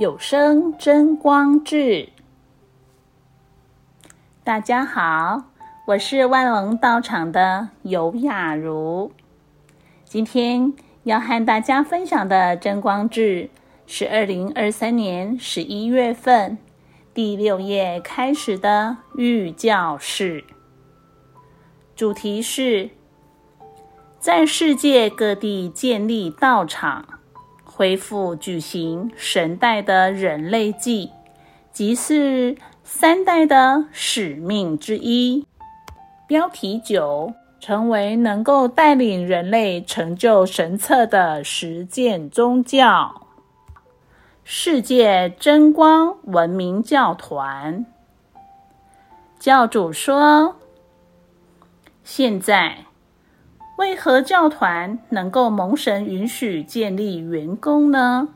有聲真光誌，大家好，我是萬隆道場的游雅如。今天要和大家分享的真光誌是二零二三年十一月份第六頁開始的御教示，主題是，在世界各地建立道場。恢復舉行神代的人類祭，即是三代的使命之一。標題九，成為能夠帶領人類成就神策的實踐宗教，世界真光文明教團。教主說：“現在。”為何教團能夠蒙神允許建立元宮呢？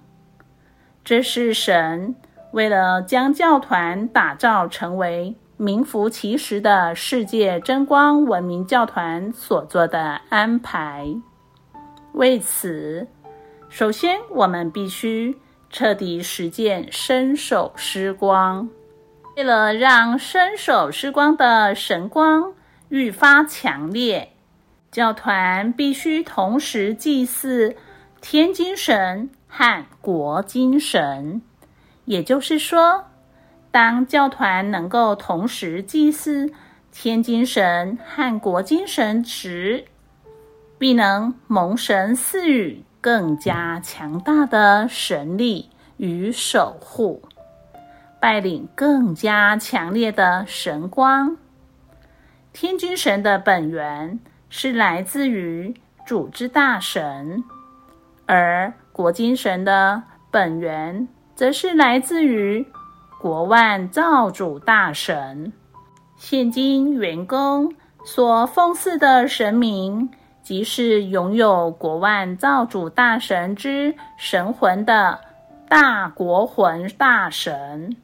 這是神為了將教團打造成為名副其實的世界真光文明教團所做的安排。為此，首先我們必須徹底實踐伸手施光，為了讓伸手施光的神光愈發強烈。教團必須同時祭祀天津神和國津神，也就是說，當教團能夠同時祭祀天津神和國津神時，必能蒙神賜予更加強大的神力與守護，拜領更加強烈的神光。天津神的本源。是來自於主之大神，而國津神的本源，則是來自於國萬造主大神。現今元宮所奉祀的神明，即是擁有國萬造主大神之神魂的大國魂大神。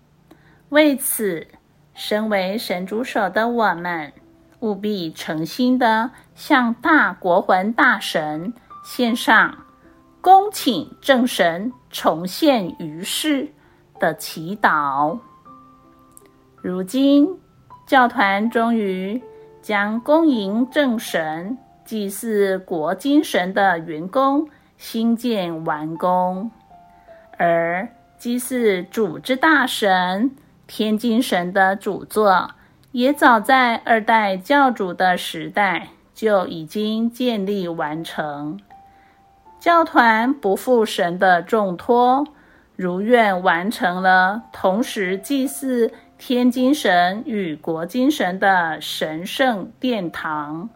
為此，身為神組手的我們。務必誠心地向大國魂大神獻上，恭請正神重現於世的祈禱。如今教團終於將恭迎正神，祭祀國精神的員工興建完工，而祭祀主之大神天津神的主座也早在二代教主的時代就已經建立完成，教團不負神的重托，如願完成了同時祭祀天津神與國津神的神聖殿堂。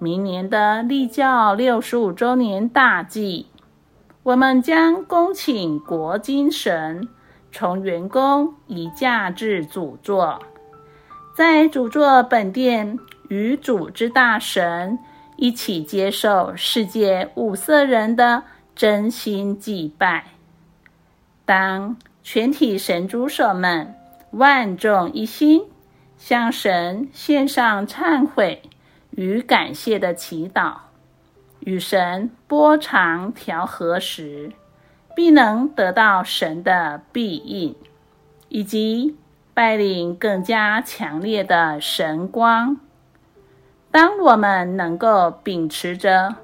明年的立教六十五周年大祭，我們將恭請國津神從圓宮移駕至主座。在主座本殿與主之大神一起接受世界五色人的真心祭拜。當全體神組手們萬眾一心，向神獻上懺悔與感謝的祈禱，與神波長調和時，必能得到神的庇佑，以及。拜領更加強烈的神光。當我們能夠秉持着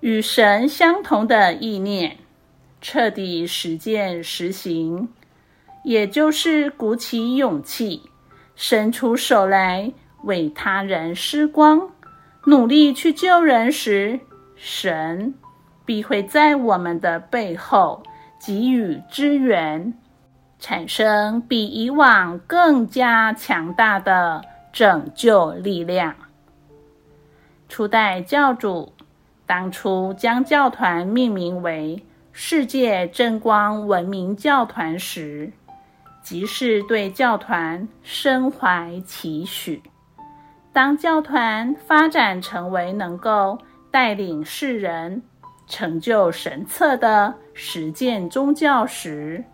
與神相同的意念，徹底實踐實行，也就是鼓起勇氣，伸出手來為他人施光，努力去救人時，神必會在我們的背後給予支援。產生比以往更加強大的拯救力量。初代教主當初將教團命名為“世界真光文明教團”時，即是對教團深懷期許。當教團發展成為能夠帶領世人成就神策的實踐宗教時，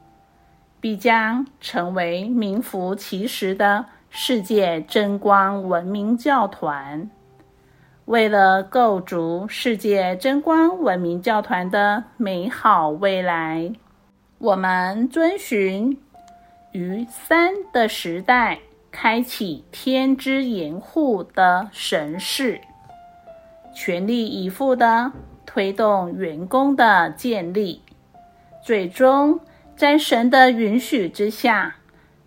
必將成為名副其實的世界真光文明教團。為了構築世界真光文明教團的美好未來，我們遵循於三的時代，開啟天之岩戶的神事，全力以赴地推動員工的建立，最終。在神的允許之下，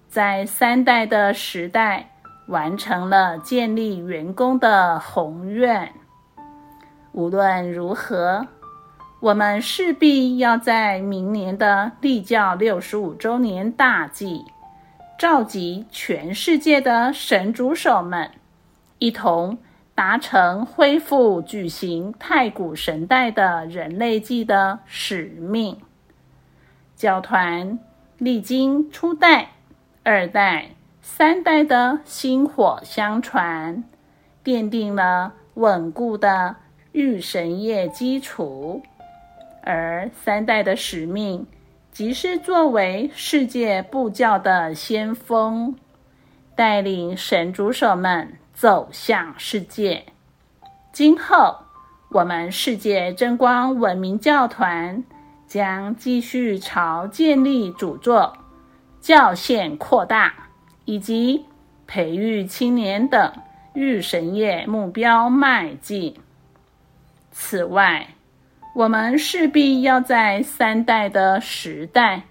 在三代的時代完成了建立元宮的宏願。無論如何，我們勢必要在明年的立教六十五周年大祭，召集全世界的神主手們，一同達成恢復舉行太古神代的人類祭的使命。教團歷經初代、二代、三代的薪火相傳，奠定了穩固的御神業基礎。而三代的使命，即是作為世界布教的先鋒，帶領神主手們走向世界。今後，我們世界真光文明教團，將繼續朝建立主座教線擴大、以及培育青年的御神業目標邁進。此外，我們勢必要在三代的時代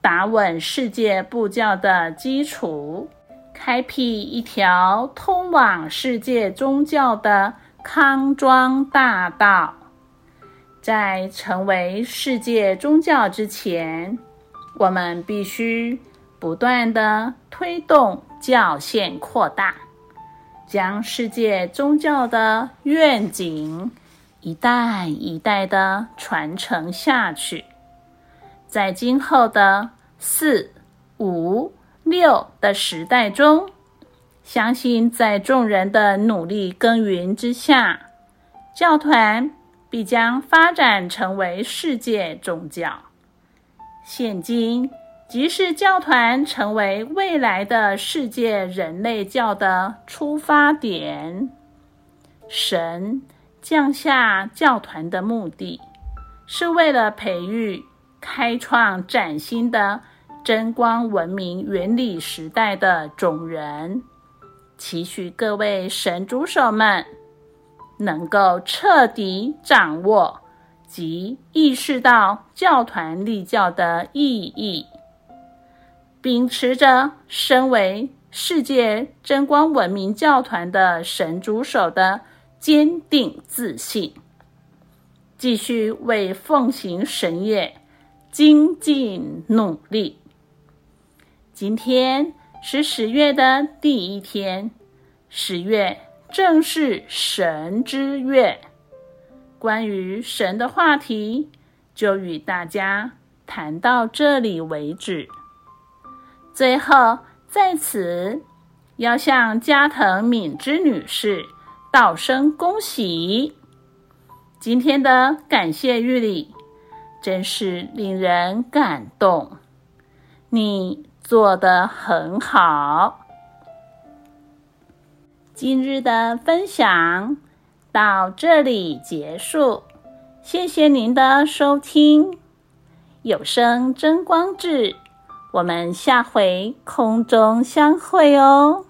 打穩世界布教的基礎，開闢一條通往世界宗教的康莊大道。在成為世界宗教之前，我們必須不斷的推動教線擴大，將世界宗教的願景一代一代的傳承下去。在今後的四五六的時代中，相信在眾人的努力耕耘之下，教團。必將發展成為世界宗教。現今，即是教團成為未來的世界人類教的出發點。神降下教團的目的，是為了培育、開創嶄新的真光文明原理時代的種人。期許各位神助手們。能夠徹底掌握及意識到教團立教的意義，秉持着身為世界真光文明教團的神主手的堅定自信，繼續為奉行神業精進努力。今天是十月的第一天，十月，正是神之月，關於神的話題就與大家談到這裡為止。最後，在此要向加藤敏之女士道聲恭喜。今天的感謝日裡真是令人感動，你做得很好。今日的分享到這裡結束，謝謝您的收聽。有聲真光誌，我們下回空中相會哦。